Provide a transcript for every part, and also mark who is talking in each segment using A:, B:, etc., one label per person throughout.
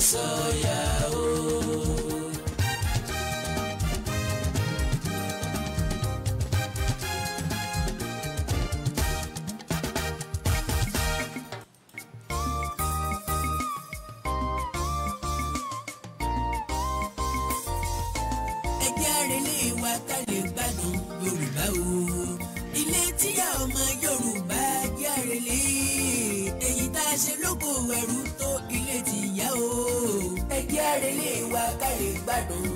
A: sọ̀yà o. ẹgbẹ́ arẹlé wa ká o ilé tíyà ọmọ Yorùbá jẹ́ arẹlé èyí tó káre lè wá ká lè gbádùn.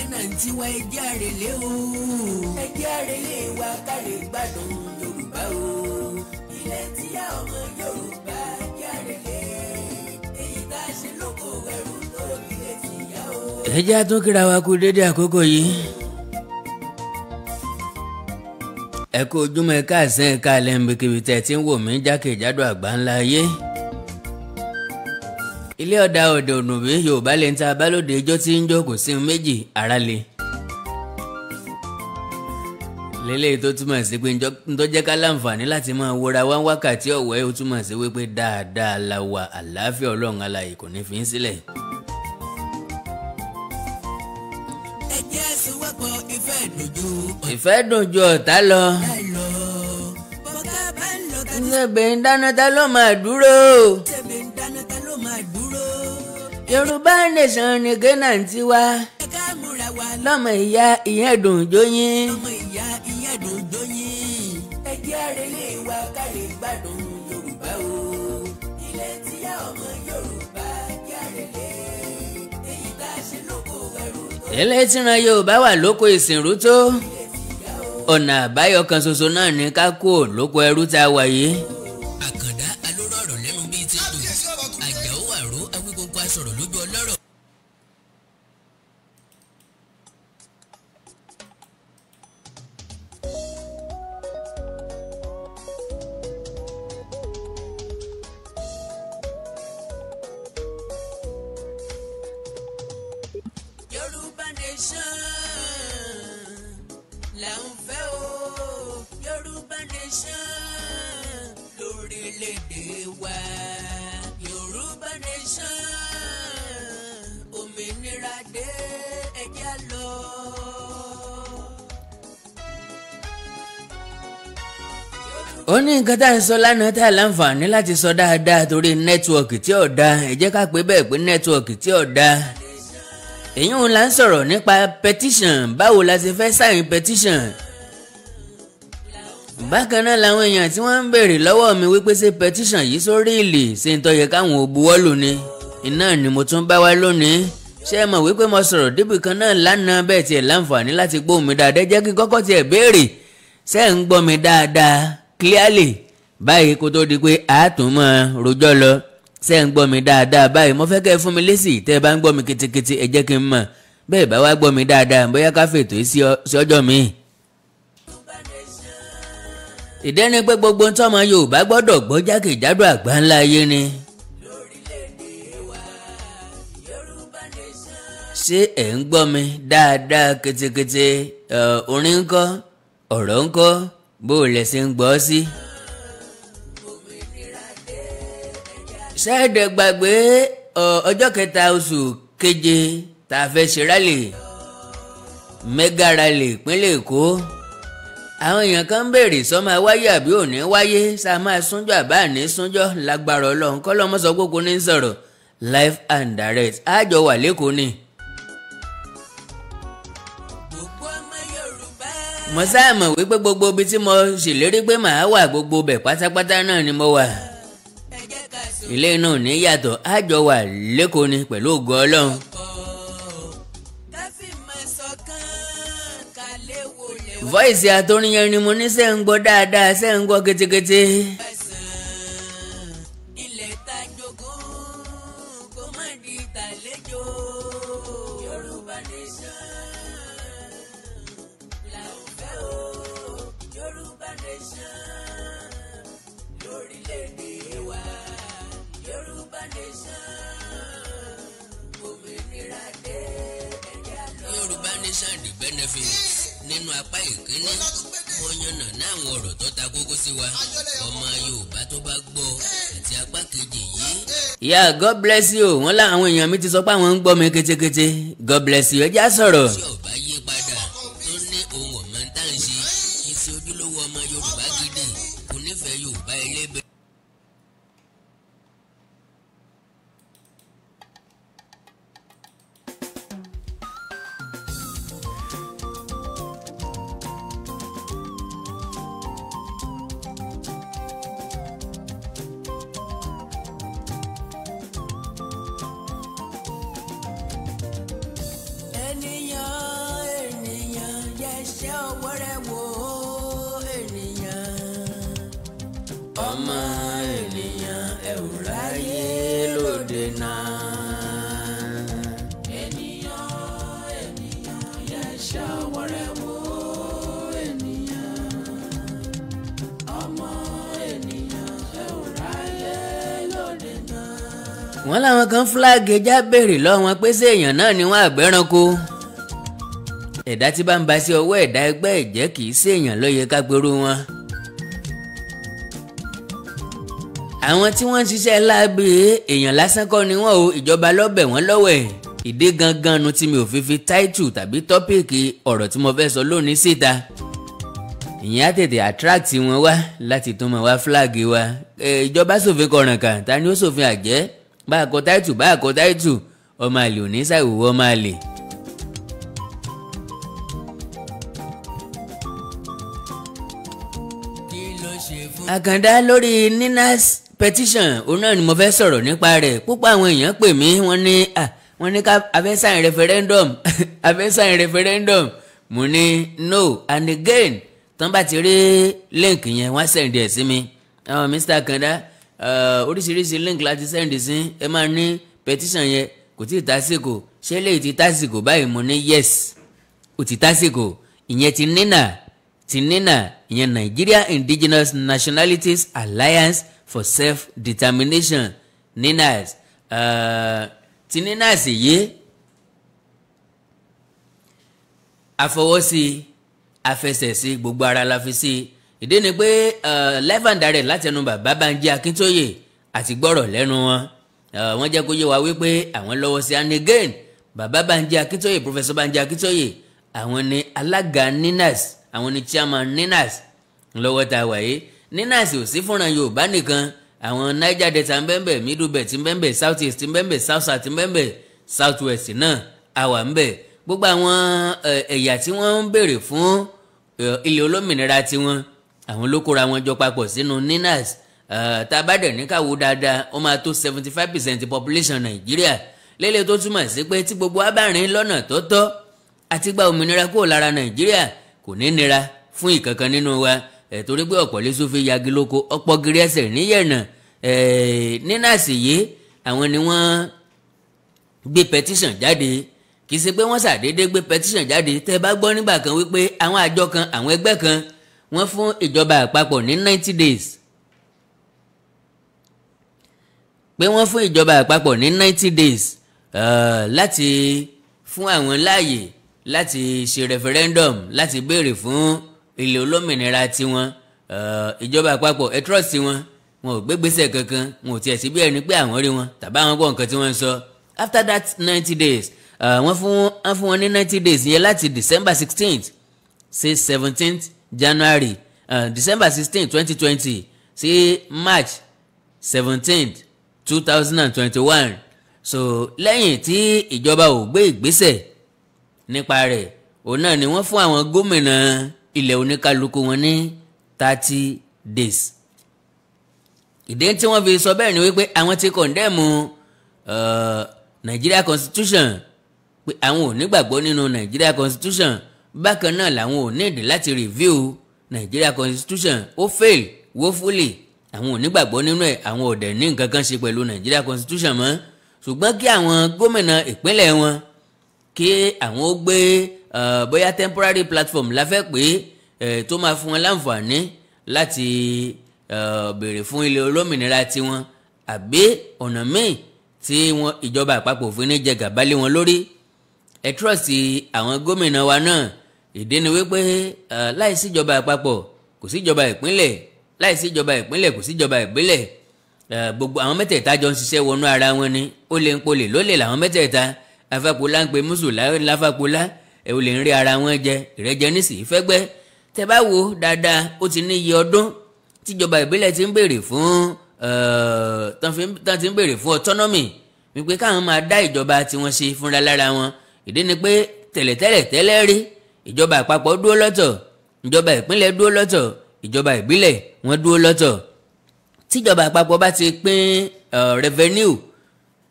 A: lẹ́nà tiwa ẹ jẹ́ àrèlé o ẹ jẹ́ àrèlé wa káre gbádùn Yorùbá o ilẹ̀ tí a ọmọ Yorùbá jẹ́ àrèlé
B: èyí tá a ṣe lóko ẹrù tó ilẹ̀ tí ìyá o. ẹ àtúnkìrà wa kú dédé àkókò yìí ẹ kú ojúmọ́ ẹ káàsán ẹ káàlẹ́ ń bẹ kíbi ń wò mí jákèjádò àgbáńlá ayé ilé ọ̀dà òde òdùnbí yorùbá lè ń ta abálòde ijó tí ń jó kò sí méjì ara le. lélẹ́yìí tó túmọ̀ sí pé tó jẹ́ ká láǹfààní láti máa wọra wá wákàtí ọ̀wẹ́ ó túmọ̀ sí wípé dáadáa la wà àlàáfíà ọlọ́run alààyè kò ní fi í sílẹ̀. ìfẹ́ dùn ju ọ̀tá lọ. ìfẹ́ dùn ju ta ló máa dúró yorùbá nation ni ghana ń ti wá ìyá ìyẹn dùn jóyin. lọ́mọ ìyá
A: ìyẹn wa káre gbádùn yorùbá o ilẹ̀ tíyá ọmọ
B: yorùbá jẹ́ yorùbá wà lóko ìsìnrú tó ọ̀nà àbáyọ kan ṣoṣo náà ni ká kó lóko ẹrú tá a wà yìí. ó ní nǹkan tá à ń sọ lánàá tá à láǹfààní láti sọ dáadáa torí nẹ́tíwọ̀kì tí ò da ẹ jẹ́ ká pé bẹ́ẹ̀ pé nẹ́tíwọ̀kì tí ò da èyí ń la ń sọ̀rọ̀ nípa petition báwo la ṣe fẹ́ sign petition bákan náà làwọn èèyàn tí wọ́n ń béèrè lọ́wọ́ mi wípé ṣé petition yìí sórí ìlì ṣe ń tọ́yẹ káwọn ò buwọ́ lù ni iná ni mo tún bá wá lónìí ṣé ẹ mọ̀ wípé mo sọ̀rọ̀ débì kan náà lánàá bẹ́ẹ̀ tiẹ̀ láǹfààní láti mi dáadáa jẹ́ clearly báyìí kó tó di pé àtúmọ̀ rojọ́ lọ ṣe ń gbọ́ mi dáadáa báyìí mo fẹ́ kẹ́ ẹ fún mi lésì tẹ́ ẹ bá ń gbọ́ mi kitikiti ẹ jẹ́ kí n mọ̀ bẹ́ẹ̀ bá wá gbọ́ mi dáadáa bóyá ká fètò sí ọjọ́ mi. ìdẹ́ni pé gbogbo ń tọ́mọ Yorùbá gbọ́dọ̀ gbọ́ jákèjádò àgbáńlá ayé ni. ṣé ẹ̀ ń gbọ́ mi dáadáa kitikiti orin ńkọ́ ọ̀rọ̀ ńkọ́ bó o lẹ̀ ṣe ń gbọ́ sí. ṣáàdẹ̀ gbàgbé ọjọ́ kẹta oṣù keje tá a fẹ́ ṣe rálì mẹ́gà rálì ìpínlẹ̀ Èkó àwọn èèyàn kan ń béèrè sọ máa wáyé àbí ò ní wáyé sá máa súnjọ àbá ní súnjọ lágbára Ọlọ́run kọ́ lọ́mọ́sọ ní sọ̀rọ̀ live and direct àjọ wà lẹ́kọ̀ọ́ ni. mo sáà mọ̀ wípé gbogbo ibi tí mo ṣèlérí pé màá wà gbogbo bẹ̀ pátápátá náà ni mo wà ilé náà ní yàtọ̀ àjọ wà lẹ́kọ̀ọ́ ni pẹ̀lú ògo ọlọ́run. voice àtòrin ni mo ní sẹ́ ń gbọ́ dáadáa sẹ́ ń gbọ́ ketekete. bá ní sànni benefits nínú apá ìkíní wọ́n yànnà náwọn ọ̀rọ̀ tó ta kókó sí wa ọmọ Yorùbá tó bá gbọ́ àti apá kejì yìí. ìyá God bless you wọn láwọn èèyàn mi ti sọ pé àwọn ń gbọ́ mi ketekete God bless you ẹ já sọ̀rọ̀.
A: ọmọ ènìyàn ẹ ò ráyè lóde náà. ènìyàn ènìyàn yẹ ṣọwọ́ rẹ wò ènìyàn ọmọ ènìyàn ẹ ò ráyè
B: náà. wọ́n láwọn kan fúláàgì já béèrè lọ́wọ́n pé ṣé èèyàn náà ni wọ́n àgbẹ̀ranko ẹ̀dá tí bá ń ba sí ọwọ́ ẹ̀dá ẹgbẹ́ ẹ̀jẹ̀ kì í ṣèèyàn ló ká gbèrú wọn. àwọn tí wọ́n ń ṣiṣẹ́ láabi èèyàn lásán kọ́ ni wọ́n o ìjọba lọ́bẹ̀ wọ́n lọ́wẹ̀ ìdí gangan nu tí mi ò fi fi táìtù tàbí tọ́píìkì ọ̀rọ̀ tí mo fẹ́ sọ lónìí síta ìyẹn á tètè attract wọn wá láti tún máa wá flag wa ìjọba ṣòfin kọ̀rànkà ta ni ó ṣòfin àjẹ́ bá a kọ táìtù bá a kọ táìtù ọmọ àlè ò ní ṣàìwò ọmọ àlè. àkàndá lórí ninas petition òun náà ni mo fẹ́ sọ̀rọ̀ nípa rẹ̀ púpọ̀ àwọn èèyàn pè mí wọ́n ní wọ́n ní ká abẹ́ sign referendum abẹ́ sign referendum mo ní no and again tán bá ti rí link yẹn wọ́n send ẹ̀ sí mi Mr. Kanda uh, oríṣiríṣi link láti send sí ẹ máa ní petition yẹn kò tí ì tásìkò ṣé léyìí ti tásìkò báyìí mo ní yes ó ti tásìkò ìyẹn ti nínà ti nínà ìyẹn Nigeria Indigenous Nationalities Alliance for self-determination ninas uh, ti ninas yìí àfọwọ́sí afẹsẹ̀sí gbogbo ara la fi sí ìdí ni pé uh, live and direct láti ẹnu bàbá Bánjí Akíntóyè àti gbọ́rọ̀ lẹ́nu wọn uh, wọ́n jẹ́ kó yé wa wípé àwọn lọ́wọ́ sí and again bàbá Bánjí Akíntóyè professor Bánjí Akíntóyè àwọn ni alága ninas àwọn ni chairman ninas lọ́wọ́ tá a ní nàìsí ò sí fúnra yorùbá nìkan àwọn niger delta ń bẹ́ẹ̀ middle belt ń bẹ́ẹ̀ south east ń bẹ́ẹ̀ south south ń bẹ́ẹ̀ south west náà àwa ń bẹ́ẹ̀ gbogbo àwọn ẹ̀yà tí wọ́n ń béèrè fún ilẹ̀ olómìnira tiwọn àwọn ló kóra wọn jọ papọ̀ sínú ninas tá a bá dẹ̀ dáadáa ó máa tó seventy five percent population nàìjíríà lélẹ̀ tó túmọ̀ sí pé tí gbogbo abárin lọ́nà tó tọ́ àti gba òmìnira kúrò lára nàìjíríà kò ní nira fún ìkankan nínú wa torí pé ọ̀pọ̀ lé sófin yagi lóko ọ̀pọ̀ gírí ẹsẹ̀ níyẹ̀nà nínú àsìyé àwọn ni wọ́n gbé petition jáde kì í ṣe pé wọ́n ṣàdédé gbé petition jáde tẹ́ bá gbọ́ nígbà kan wípé àwọn àjọ kan àwọn ẹgbẹ́ kan wọ́n fún ìjọba àpapọ̀ ní ninety days pé wọ́n fún ìjọba àpapọ̀ ní ninety days uh, láti fún àwọn láàyè láti ṣe referendum láti béèrè fún ilé olómìnira tiwọn eh, ìjọba àpapọ̀ ẹ wọn wọn ò gbégbèsè kankan wọn ò tiẹ̀ sí bí ẹni pé àwọn rí wọn tàbí àwọn gbọ́ nǹkan tí wọ́n ń sọ after that ninety days eh, wọ́n fún wọn fún wọn ní ninety days yẹn láti december sixteenth sí seventeenth january eh, december sixteenth twenty twenty sí march seventeenth two thousand and twenty-one so lẹ́yìn tí ìjọba ò gbé ìgbésẹ̀ nípa rẹ̀ òun náà ni wọ́n fún àwọn gómìnà ilẹ̀ oníkálukú wọn ní thirty days. ìdí tí wọ́n fi sọ bẹ́ẹ̀ ni wípé àwọn ti kọ̀ndẹ́mù uh, Nigeria constitution pé àwọn ò nígbàgbọ́ nínú Nigeria constitution bákan náà làwọn ò nídìí láti review Nigeria constitution ó fail woefully àwọn ò nígbàgbọ́ nínú ẹ̀ àwọn ò ní nǹkan kan ṣe pẹ̀lú Nigeria constitution mọ́ ṣùgbọ́n kí àwọn gómìnà ìpínlẹ̀ wọn kí àwọn ó gbé Eh, bóyá temporary platform la fẹ́ pé eh, tó máa fún wọn láǹfààní láti eh, béèrè fún ilé olómìnira tiwọn àbí ọ̀nà míì tí wọn ìjọba àpapọ̀ òfin ní jẹ gàba lé wọn lórí ẹ trọ́ọ̀sì àwọn gómìnà wa náà ìdí ni wípé láì síjọba àpapọ̀ kò síjọba ìpínlẹ̀ láì síjọba ìpínlẹ̀ kò síjọba ìbílẹ̀ gbogbo àwọn mẹ́tẹ̀ẹ̀ta jọ ń ṣiṣẹ́ wọnú ara wọn ni ó lè ń polè lólè làwọn mẹ́tẹ̀ẹ̀ta afápolá ń pe mùsùlùmí láfápolá ẹ ò lè rí ara wọn jẹ ìrẹ́jẹ nísìí fẹ́gbẹ́ tẹ bá wo dáadáa ó ti ní iye ọdún tíjọba ìbílẹ̀ ti ń béèrè fún eh, tán ti ń béèrè fún autonomy wípé káwọn máa dá ìjọba tiwọn ṣe fúnra lára wọn ìdí ni pé tẹ̀lẹ̀tẹ̀lẹ̀ tẹ́lẹ̀ rí ìjọba àpapọ̀ dúró lọ́tọ̀ ìjọba ìpínlẹ̀ dúró lọ́tọ̀ ìjọba ìbílẹ̀ wọn dúró lọ́tọ̀ tíjọba àpapọ̀ bá ti pín eh, revenue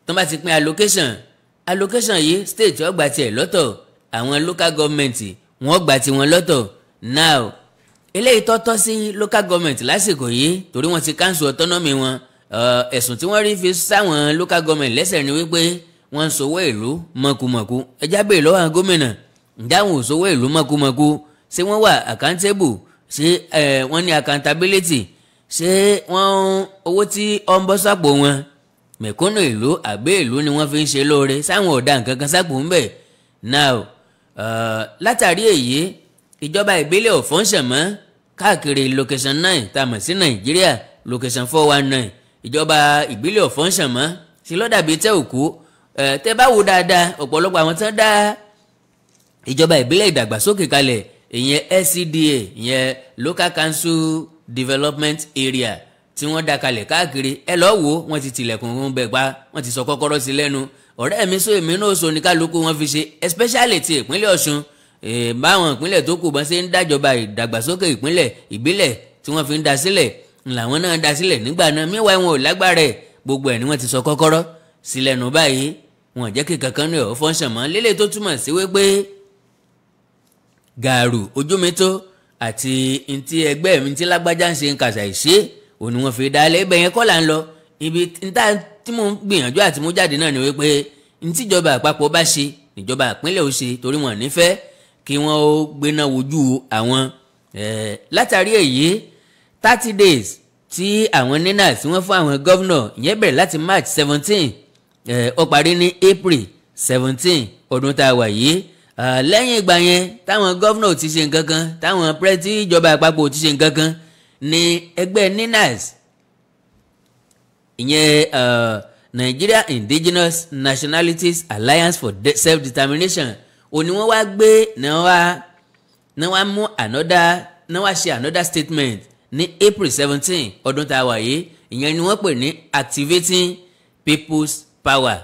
B: tán bá ti pín allocation allocation yìí state ó gbà tiẹ̀ lọ́tọ̀ àwọn local government wọ́n gbà tiwọn lọ́tọ̀ now eléyìí tọ́tọ́ sí local government lásìkò yìí torí wọ́n ti council autonomy wọn uh, ẹ̀sùn tí wọ́n rí fi sáwọn local government lẹ́sẹ̀ ni wípé wọ́n ń sowó ìlú mọ̀kùmọ̀kù ẹjá bèè lọ́wọ́ àwọn gómìnà ìdáhùn òsowó ìlú mọ̀kùmọ̀kù ṣé wọ́n wà accountable ṣé wọ́n ní accountability ṣé wọ́n owó tí ó ń bọ́ sápò wọn mẹ̀kúnnù ìlú àbẹ́ ìlú ni wọ́n fi ń ṣe lóore sáwọn ọ̀dà nǹkan kan sápò ń bẹ̀ now látàrí èyí ìjọba ìbílẹ̀ ò fọ́nṣẹ̀ mọ́ káàkiri location nine tá a mọ̀ sí nàìjíríà location four one nine ìjọba ìbílẹ̀ ò fọ́nṣẹ̀ mọ́ sí lọ́dàbí tẹ́ òkú tẹ́ bá wo dáadáa ọ̀pọ̀lọpọ̀ àwọn tán dá ìjọba ìbílẹ̀ ìdàgbàsókè kalẹ̀ ìyẹn LCDA ìyẹn local council development area tí wọ́n dá kalẹ̀ káàkiri ẹ lọ́ọ́ wo wọ́n ti tilẹ̀kùn bẹ̀ pa wọ́n ti sọ kọ́kọ́rọ́ sí lẹ́nu ọ̀rẹ́ mi sọ èmi náà sọ ní kálukú wọn fi ṣe especially ti ìpínlẹ̀ Ọ̀ṣun báwọn ìpínlẹ̀ tó kù bọ́n ṣe ń dájọba ìdàgbàsókè ìpínlẹ̀ ìbílẹ̀ tí wọ́n fi ń da sílẹ̀ làwọn náà da sílẹ̀ nígbà náà míwá wọn ò lágbára ẹ̀ gbogbo ẹ̀ ni wọ́n ti sọ kọ́kọ́rọ́ sílẹ̀ nù báyìí wọn ò jẹ́ kí kankan ní ọ̀ fọ́nṣàn mọ́ lélẹ̀ tó túmọ̀ sí wípé gàrú ojúmitó àti ntí ẹgbẹ́ mi ntí lágbájá ń ṣe ń kàṣà ìṣe òun ni fi dálé ibẹ̀ yẹn kọ́ là ń lọ ibi ntá tí mo ń gbìyànjú àti mú jáde náà ni wípé ntíjọba àpapọ̀ bá ṣe níjọba ìpínlẹ̀ ó ṣe torí wọn nífẹ́ kí wọ́n ó gbéná wojú àwọn látàrí èyí thirty days tí àwọn nínà tí wọ́n fún àwọn gọ́vnà ìyẹn bẹ̀rẹ̀ láti March seventeen ó parí ní April seventeen ọdún tá a wà yìí lẹ́yìn ìgbà yẹn táwọn gọ́vnà ò ti ṣe nǹkan kan táwọn pírẹ́tì ìjọba àpapọ̀ ò ti ṣe nǹkan kan ni ẹgbẹ́ ninas ìyẹn uh, Nigeria Indigenous Nationalities Alliance for Self-Determination ò ní wọ́n wá gbé náà wá náà wá mú another náà wá ṣe another statement ní April seventeen ọdún tá a wà yìí ìyẹn ni wọ́n pè ní activating people's power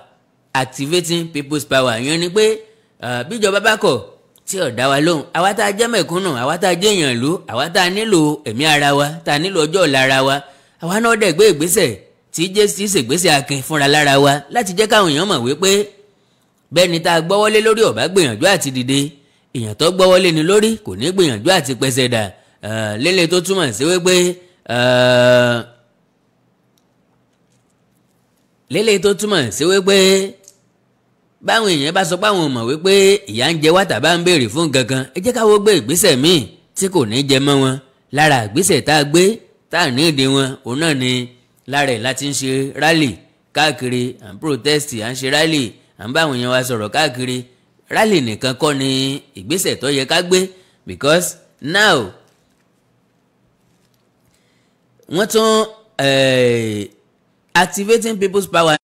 B: activating people's power ìyẹn ni pé uh, bíjọba bá kọ̀ tí ò dá wa lóhùn àwa tá a jẹ́ mẹ̀kúnnù àwa tá a jẹ́ èèyàn ìlú àwa tá a nílò ẹ̀mí ara wa tá a nílò ọjọ́ ọ̀la ara wa àwa náà dẹ̀ gbé ìgbésẹ̀ tí jésì ṣègbésẹ̀ akin fúnra lára wa láti jẹ́ káwọn èèyàn mọ̀ wípé bẹ́ẹ̀ni tá a gbọ́wọ́lé lórí ọ̀bá gbìyànjú àti dìde èèyàn tó gbọ́wọ́lé ni lórí kò ní gbìyànjú àti pẹ̀sẹ̀ dà lélẹ̀ tó túmọ̀ sí wípé lélẹ̀ tó túmọ̀ sí wípé báwọn èèyàn bá sọ páwọn mọ̀ wípé ìyà ń jẹ wá tàbá ń béèrè fún gangan ẹ jẹ́ káwọ́ gbé ìgbésẹ̀ míì tí kò ní jẹ mọ́ wọn lára ìgbésẹ̀ tá a gbé tá a ní ìdí wọn òun náà ni lára ẹ̀ láti ń ṣe rálì káàkiri à ń protest à ń ṣe rálì à ń bá àwọn èèyàn wa sọ̀rọ̀ káàkiri rálì nìkan kọ́ ni ìgbésẹ̀ tó yẹ ká gbé because now wọ́n tún eh, activating people's power.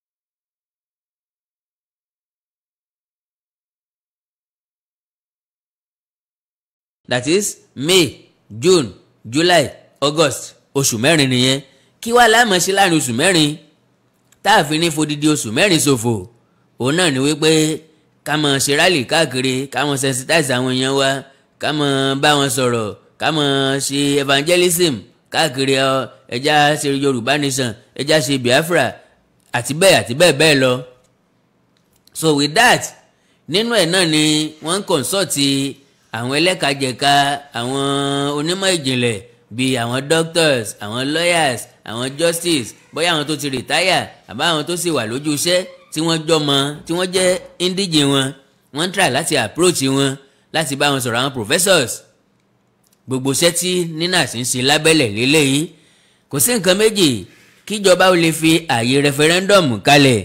B: that is May June July August oṣù mẹ́rin nìyẹn kí wàá láàmú ṣe láàrin oṣù mẹ́rin tá a fi ní fodidi oṣù mẹ́rin ṣòfò òun náà ni wípé ká mọ̀ ṣe rálì káàkiri ká mọ̀ sensitize àwọn èèyàn wa ká mọ̀ bá wọn sọ̀rọ̀ ká mọ̀ ṣe evangelism káàkiri ọ ẹja ṣe Yorùbá nation ẹja ṣe Biafra àti bẹ́ẹ̀ àti bẹ́ẹ̀ bẹ́ẹ̀ lọ. so with that nínú ẹ̀ náà ni wọ́n ń kọ̀ǹsọ̀tì àwọn ẹlẹ́kajẹ̀ka àwọn onímọ̀ ìjìnlẹ̀ bíi àwọn doctors àwọn lawyers àwọn justice bóyá àwọn tó ti retire. àbá àwọn tó sì wà lójú iṣẹ́ tí wọ́n jọmọ tí wọ́n jẹ́ indíje wọn wọ́n ń try láti approach wọn láti bá wọn sọ̀rọ̀ àwọn professors gbogbo iṣẹ́ tí NINAS ń ṣe lábẹ́lẹ̀ lélẹ́yìí kò sí nǹkan méjì kíjọba ó lè fi ààyè referendum kalẹ̀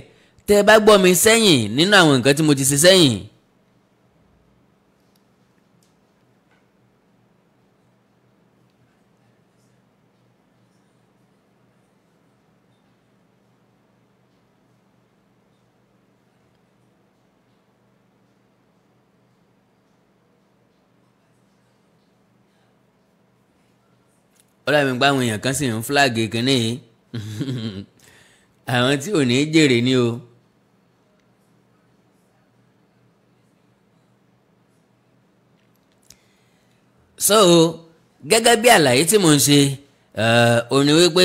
B: tẹ́ ẹ bá gbọ́ mi sẹ́yìn nínú àwọn nǹkan tí mo ti ṣe sẹ́yìn ọlọ́run gba àwọn èèyàn kan sì ń fúláàgì kínní àwọn tí ò ní jèrè ni o. so gẹ́gẹ́ bí àlàyé tí mo ń ṣe eh, ò ní wípé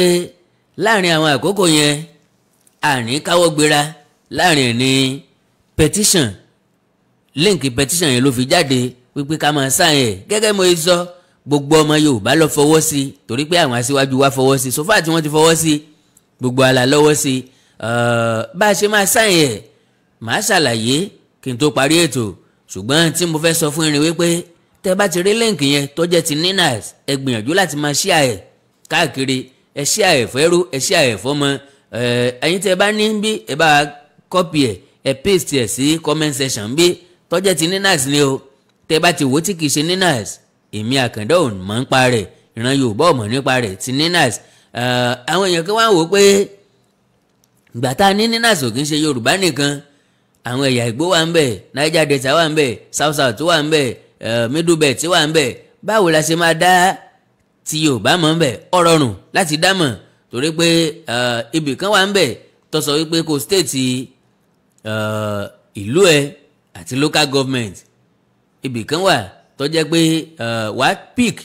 B: láàrin àwọn àkókò yẹn àní káwọ́ gbéra láàrin ní petition link petition yẹn ló fi jáde wípé ká máa sáyẹn gẹ́gẹ́ mo sọ. So, gbogbo ọmọ Yorùbá lọ fọwọ́ sí i torí pé àwọn aṣíwájú wa fọwọ́ sí i sọfà tí wọ́n ti fọwọ́ sí i gbogbo àlà lọ́wọ́ sí i bá a ṣe máa sáyẹn ẹ̀ màá ṣàlàyé kí n tó parí ètò ṣùgbọ́n tí mo fẹ́ sọ fún irin wípé tẹ́ bá ti rí lẹ́ǹkì yẹn tó ti ninas ẹ gbìyànjú láti máa ṣíà ẹ̀ káàkiri ẹ ṣíà ẹ̀ fẹ́rú ẹ ṣíà ẹ̀ fọ́mọ ẹ̀yin tẹ́ bá ní bí ẹ bá kọ́pì ẹ̀ ẹ paste ẹ̀ sí comment section bí tó ti ninas ni o tẹ́ bá ti wò tí kì ṣe ninas èmi àkàndá ò mọ̀ nípa rẹ̀ ìran yorùbá ò mọ̀ nípa rẹ̀ ti ninas eh, àwọn èèyàn kan wá wò ó pé gbàtà ní ninas ò kí ń ṣe yorùbá nìkan àwọn ẹ̀yà ìgbò wà ń bẹ̀ niger delta wà ń bẹ̀ south south wà ń bẹ̀ eh, middle belt wà ń bẹ̀ báwo la ṣe máa dá ti yorùbá mọ̀ ń bẹ̀ ọ̀rọ̀ rùn láti dá mọ̀ torí pé eh, ibì kan wà ń bẹ̀ tó sọ wípé kò stéètì ìlú ẹ àti local government ibì kan wà tó jẹ́ pé wàá pick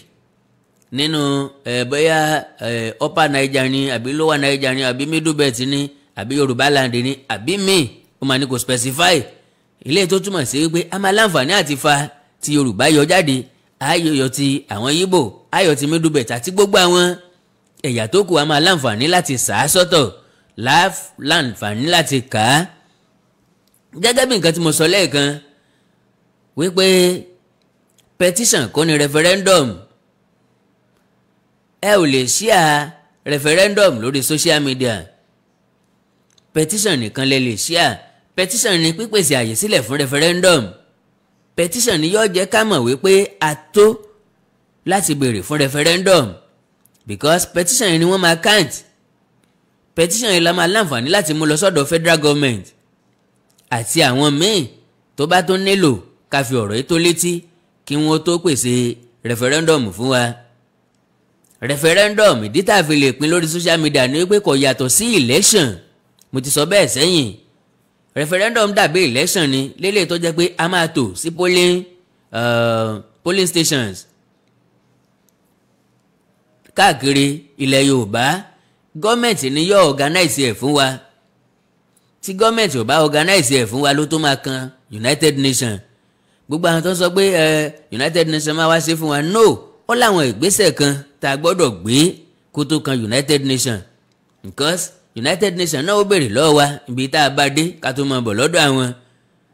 B: nínú bóyá upper Niger ni àbí lower Niger ni àbí middle belt ni àbí Yorùbá land ni àbí míì ó máa ní kò specify ilé tó túmọ̀ sí pé a máa láǹfààní àti fa ti Yorùbá yọ jáde ayọ̀yọ̀ ti àwọn Yíbò ayọ̀ ti middle belt àti gbogbo àwọn ẹ̀yà tó kù a máa láǹfààní láti sà á sọ́tọ̀ láǹfààní láti kà á gẹ́gẹ́ bí nǹkan tí mo sọ lẹ́ẹ̀kan wípé petition kò ní referendum ẹ ò lè share referendum lórí social media petition nìkan lè lè share petition ni pípèsè àyè sílẹ̀ fún referendum petition ni yóò jẹ́ ká mọ̀ wípé a tó láti béèrè fún referendum because petition ni wọ́n máa count petition yìí la máa láǹfààní láti mú lọ sọ́dọ̀ federal government àti àwọn míì tó bá tó nílò ká fi ọ̀rọ̀ yìí tó létí kí wọ́n tó pèsè referendum fún wa referendum ìdí tá a fi lè pín lórí social media ni wípé kò yàtọ̀ sí election mo ti sọ bẹ́ẹ̀ sẹ́yìn referendum dàbí election ni lele tó jẹ́ pé a máa tò sí polling uh, polling stations káàkiri ilẹ̀ Yorùbá gọ́ọ̀mẹ̀ntì ni yóò organize ẹ̀ fún wa tí gọ́ọ̀mẹ̀ntì ò bá organize ẹ̀ fún wa ló tó máa kan United Nations gbogbo àwọn tó sọ pé United Nations máa wá ṣe fún wa no ó láwọn ìgbésẹ̀ kan tá a gbọ́dọ̀ gbé kó tó kan United Nations because United Nations náà ó béèrè lọ́wọ́ wa ibi tá a bá dé ká tó máa bọ̀ lọ́dọ̀ àwọn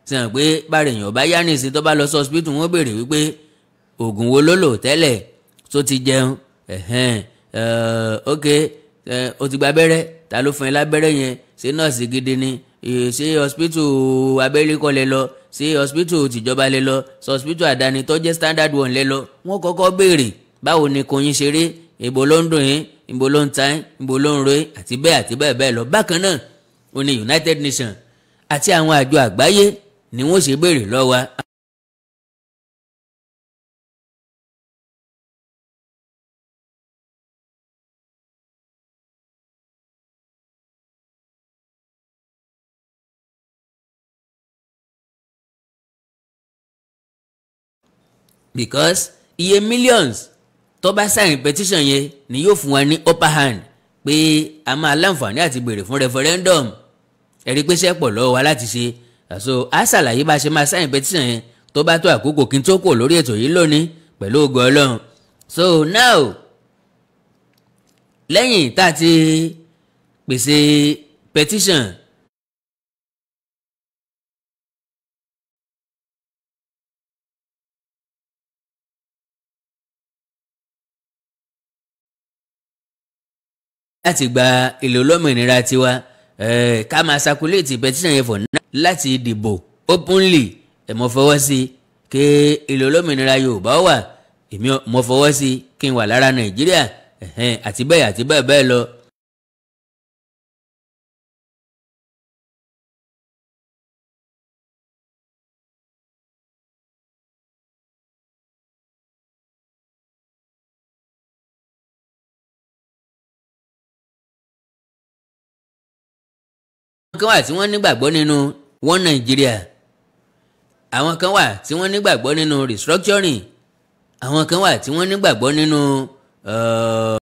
B: sàn pé bára èèyàn bá tó bá lọ sí hospital wọ́n béèrè wípé oògùn wo ló lò tẹ́lẹ̀ tó ti jẹun ẹ̀hẹ́n ok ó ti gba abẹ́rẹ́ ta ló fún ẹ lábẹ́rẹ́ yẹn ṣé nọ́ọ̀sì gidi ni ṣé hospital abẹ́rẹ́ kọ́ lọ ṣé hospital tìjọba lẹ lọ ṣé hospital àdáni tó jẹ́ standard one lẹ lọ wọ́n kọ́kọ́ béèrè báwo ni kò yín ṣeré ìbò ló ń dùn yín ìbò ló ń ta yín ìbò ló ń ro yín àti bẹ́ẹ̀ àti bẹ́ẹ̀ bẹ́ẹ̀ lọ bákan náà ó United Nations àti àwọn àjọ àgbáyé ni wọ́n ṣe béèrè lọ́wọ́ because iye millions tó bá sign petition yẹn ni yóò fún wa ní upper hand pé a máa láǹfààní àti béèrè fún referendum ẹ̀rí pé sẹ́pọ̀ lọ́wọ́ wa láti ṣe àṣọ a ṣàlàyé bá a ṣe máa sign petition yẹn tó bá tó àkókò kí n tó kò lórí ètò yìí lónìí pẹ̀lú ògo ọlọ́run so now lẹ́yìn tá a ti pèsè petition láti gba ìlú olómìnira tiwa ká máa sakuléètì petition yẹn fọ̀ láti dìbò openly ẹ̀ mọ́ fọwọ́ sí kí ìlú olómìnira Yorùbá wà èmi mọ́ fọwọ́ sí kí n wà lára Nàìjíríà àti bẹ́ẹ̀ àti bẹ́ẹ̀ bẹ́ẹ̀ lọ. kan wà tí wọ́n nígbàgbọ́ nínú One Nigeria àwọn kan wà tí wọ́n nígbàgbọ́ nínú restructuring àwọn kan wà tí wọ́n nígbàgbọ́ nínú. Uh,